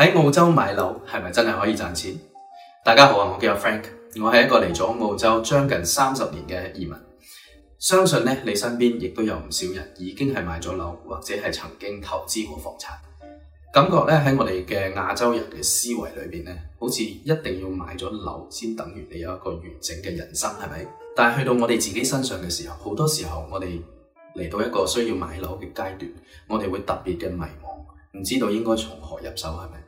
喺澳洲買樓係咪真係可以賺錢？大家好啊，我叫阿 Frank，我係一個嚟咗澳洲將近三十年嘅移民。相信咧，你身邊亦都有唔少人已經係買咗樓，或者係曾經投資過房產。感覺咧，喺我哋嘅亞洲人嘅思維裏邊咧，好似一定要買咗樓先等於你有一個完整嘅人生，係咪？但係去到我哋自己身上嘅時候，好多時候我哋嚟到一個需要買樓嘅階段，我哋會特別嘅迷茫，唔知道應該從何入手，係咪？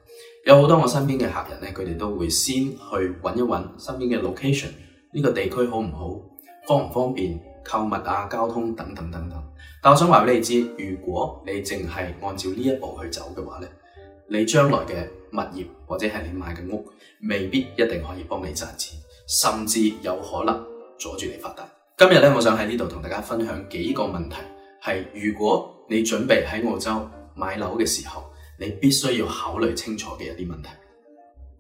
有好多我身邊嘅客人，呢佢哋都會先去揾一揾身邊嘅 location，呢個地區好唔好，方唔方便，購物啊、交通等等等等。但我想話俾你知，如果你淨係按照呢一步去走嘅話，呢你將來嘅物業或者係你買嘅屋，未必一定可以幫你賺錢，甚至有可能阻住你發達。今日呢，我想喺呢度同大家分享幾個問題，係如果你準備喺澳洲買樓嘅時候。你必須要考慮清楚嘅一啲問題。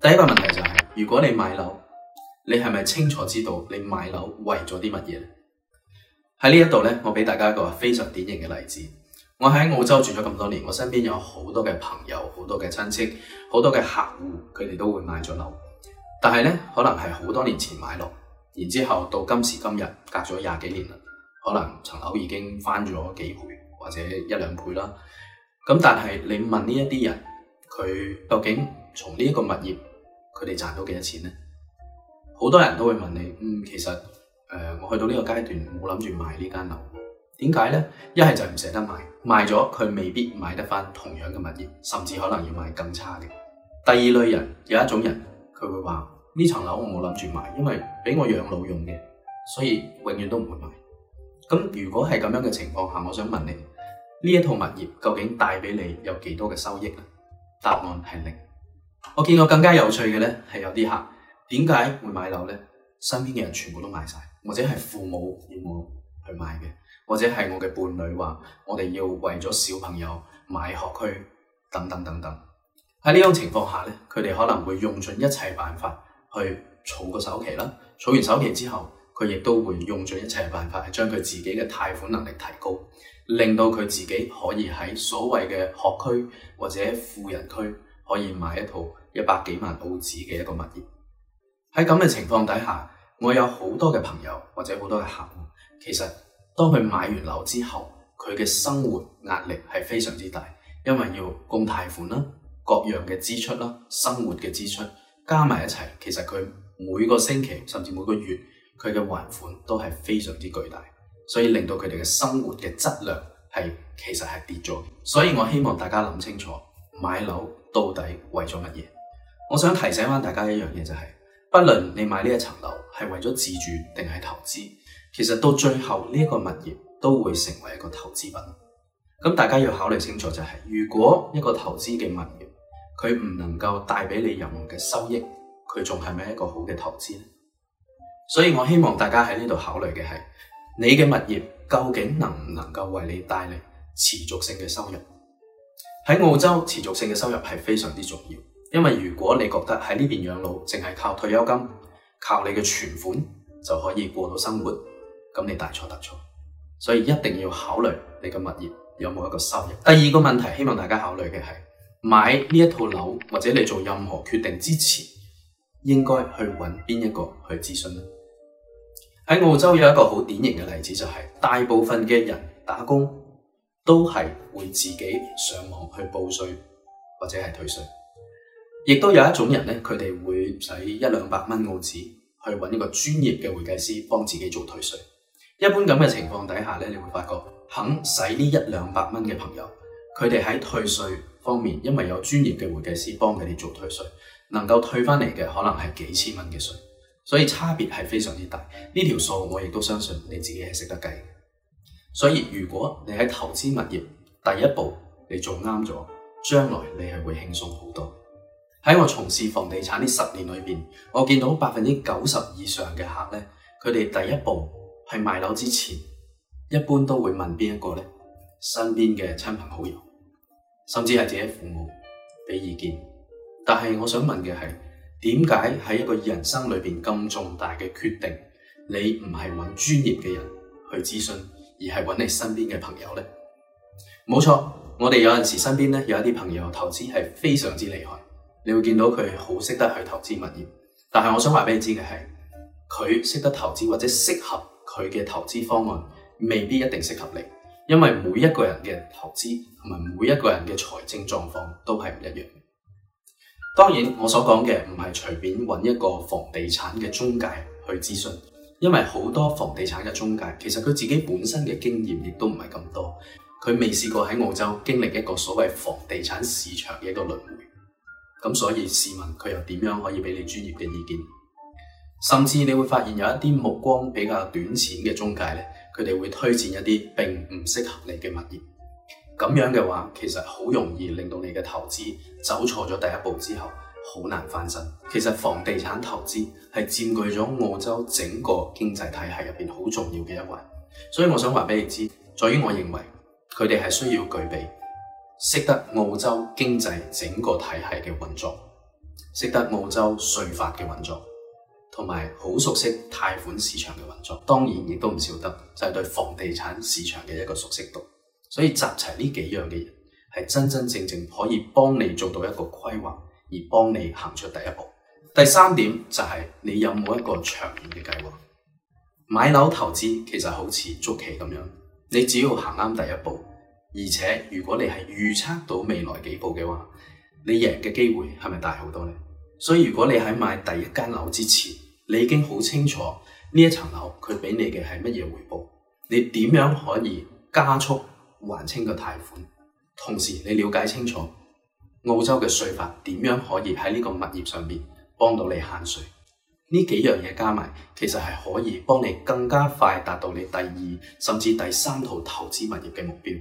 第一個問題就係，如果你買樓，你係咪清楚知道你買樓為咗啲乜嘢？喺呢一度呢，我俾大家一個非常典型嘅例子。我喺澳洲住咗咁多年，我身邊有好多嘅朋友、好多嘅親戚、好多嘅客戶，佢哋都會買咗樓，但係呢，可能係好多年前買落，然之後到今時今日，隔咗廿幾年啦，可能層樓已經翻咗幾倍或者一兩倍啦。咁但係你問呢一啲人，佢究竟從呢一個物業佢哋賺到幾多錢呢？好多人都會問你，嗯，其實誒、呃，我去到呢個階段冇諗住賣呢間樓，點解呢？一係就唔捨得賣，賣咗佢未必買得翻同樣嘅物業，甚至可能要買更差嘅。第二類人有一種人，佢會話呢層樓我冇諗住賣，因爲俾我養老用嘅，所以永遠都唔會賣。咁如果係咁樣嘅情況下，我想問你。呢一套物業究竟帶俾你有幾多嘅收益呢？答案係零。我見過更加有趣嘅呢，係有啲客點解會買樓呢？身邊嘅人全部都買晒，或者係父母要我去買嘅，或者係我嘅伴侶話我哋要為咗小朋友買學區等等等等。喺呢種情況下呢，佢哋可能會用盡一切辦法去儲個首期啦。儲完首期之後，佢亦都會用盡一切辦法去將佢自己嘅貸款能力提高。令到佢自己可以喺所謂嘅學區或者富人區可以買一套一百幾萬澳紙嘅一個物業。喺咁嘅情況底下，我有好多嘅朋友或者好多嘅客戶，其實當佢買完樓之後，佢嘅生活壓力係非常之大，因為要供貸款啦、各樣嘅支出啦、生活嘅支出加埋一齊，其實佢每個星期甚至每個月佢嘅還款都係非常之巨大。所以令到佢哋嘅生活嘅質量係其實係跌咗，所以我希望大家諗清楚買樓到底為咗乜嘢？我想提醒翻大家一樣嘢就係，不論你買呢一層樓係為咗自住定係投資，其實到最後呢一個物業都會成為一個投資品。咁大家要考慮清楚就係，如果一個投資嘅物業佢唔能夠帶俾你任何嘅收益，佢仲係咪一個好嘅投資呢？所以我希望大家喺呢度考慮嘅係。你嘅物業究竟能唔能夠為你帶嚟持續性嘅收入？喺澳洲持續性嘅收入係非常之重要，因為如果你覺得喺呢邊養老淨係靠退休金、靠你嘅存款，就可以過到生活，咁你大錯特錯。所以一定要考慮你嘅物業有冇一個收入。第二個問題，希望大家考慮嘅係買呢一套樓或者你做任何決定之前，應該去揾邊一個去諮詢呢？喺澳洲有一個好典型嘅例子就係，大部分嘅人打工都係會自己上網去報稅或者係退稅，亦都有一種人咧，佢哋會使一兩百蚊澳紙去搵一個專業嘅會計師幫自己做退稅。一般咁嘅情況底下咧，你會發覺肯使呢一兩百蚊嘅朋友，佢哋喺退稅方面，因為有專業嘅會計師幫佢哋做退稅，能夠退翻嚟嘅可能係幾千蚊嘅稅。所以差別係非常之大，呢條數我亦都相信你自己係識得計。所以如果你喺投資物業第一步你做啱咗，將來你係會輕鬆好多。喺我從事房地產呢十年裏邊，我見到百分之九十以上嘅客咧，佢哋第一步係買樓之前，一般都會問邊一個咧？身邊嘅親朋好友，甚至係自己父母俾意見。但係我想問嘅係，點解喺一個人生裏邊咁重大嘅決定，你唔係揾專業嘅人去諮詢，而係揾你身邊嘅朋友呢？冇錯，我哋有陣時身邊咧有一啲朋友投資係非常之厲害，你會見到佢好識得去投資物業。但係我想話俾你知嘅係，佢識得投資或者適合佢嘅投資方案，未必一定適合你，因為每一個人嘅投資同埋每一個人嘅財政狀況都係唔一樣。當然，我所講嘅唔係隨便揾一個房地產嘅中介去諮詢，因為好多房地產嘅中介其實佢自己本身嘅經驗亦都唔係咁多，佢未試過喺澳洲經歷一個所謂房地產市場嘅一個輪迴，咁所以試問佢又點樣可以俾你專業嘅意見？甚至你會發現有一啲目光比較短淺嘅中介咧，佢哋會推薦一啲並唔適合你嘅物業。咁樣嘅話，其實好容易令到你嘅投資走錯咗第一步之後，好難翻身。其實房地產投資係佔據咗澳洲整個經濟體系入邊好重要嘅一環，所以我想話俾你知，在於我認為佢哋係需要具備識得澳洲經濟整個體系嘅運作，識得澳洲稅法嘅運作，同埋好熟悉貸款市場嘅運作。當然亦都唔少得就係對房地產市場嘅一個熟悉度。所以集齊呢幾樣嘅人，係真真正正可以幫你做到一個規劃，而幫你行出第一步。第三點就係你有冇一個長遠嘅計劃？買樓投資其實好似捉棋咁樣，你只要行啱第一步，而且如果你係預測到未來幾步嘅話，你贏嘅機會係咪大好多呢？所以如果你喺買第一間樓之前，你已經好清楚呢一層樓佢俾你嘅係乜嘢回報，你點樣可以加速？還清個貸款，同時你了解清楚澳洲嘅稅法點樣可以喺呢個物業上面幫到你慳稅。呢幾樣嘢加埋，其實係可以幫你更加快達到你第二甚至第三套投資物業嘅目標。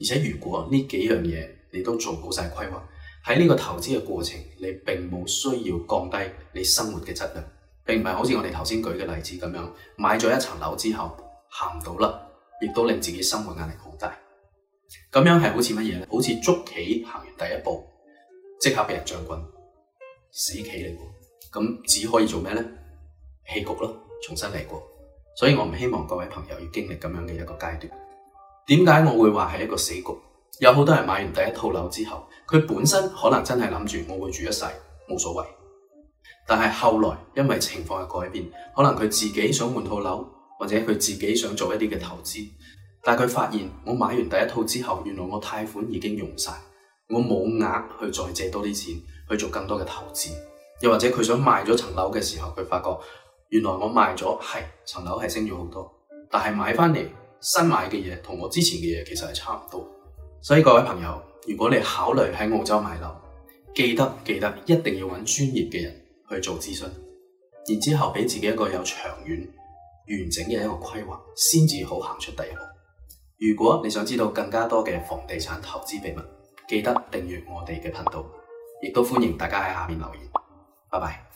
而且如果呢幾樣嘢你都做好晒規劃，喺呢個投資嘅過程，你並冇需要降低你生活嘅質量，並唔係好似我哋頭先舉嘅例子咁樣，買咗一層樓之後行唔到啦。亦都令自己生活壓力好大，咁樣係好似乜嘢咧？好似捉棋行完第一步，即刻畀人將軍死棋嚟喎，咁只可以做咩咧？棄局咯，重新嚟過。所以我唔希望各位朋友要經歷咁樣嘅一個階段。點解我會話係一個死局？有好多人買完第一套樓之後，佢本身可能真係諗住我會住一世，冇所謂。但係後來因為情況嘅改變，可能佢自己想換套樓。或者佢自己想做一啲嘅投資，但係佢發現我買完第一套之後，原來我貸款已經用晒，我冇額去再借多啲錢去做更多嘅投資。又或者佢想賣咗層樓嘅時候，佢發覺原來我賣咗係層樓係升咗好多，但係買翻嚟新買嘅嘢同我之前嘅嘢其實係差唔多。所以各位朋友，如果你考慮喺澳洲買樓，記得記得一定要揾專業嘅人去做諮詢，然之後俾自己一個有長遠完整嘅一個規劃，先至好行出第一步。如果你想知道更加多嘅房地產投資秘密，記得訂閱我哋嘅頻道，亦都歡迎大家喺下面留言。拜拜。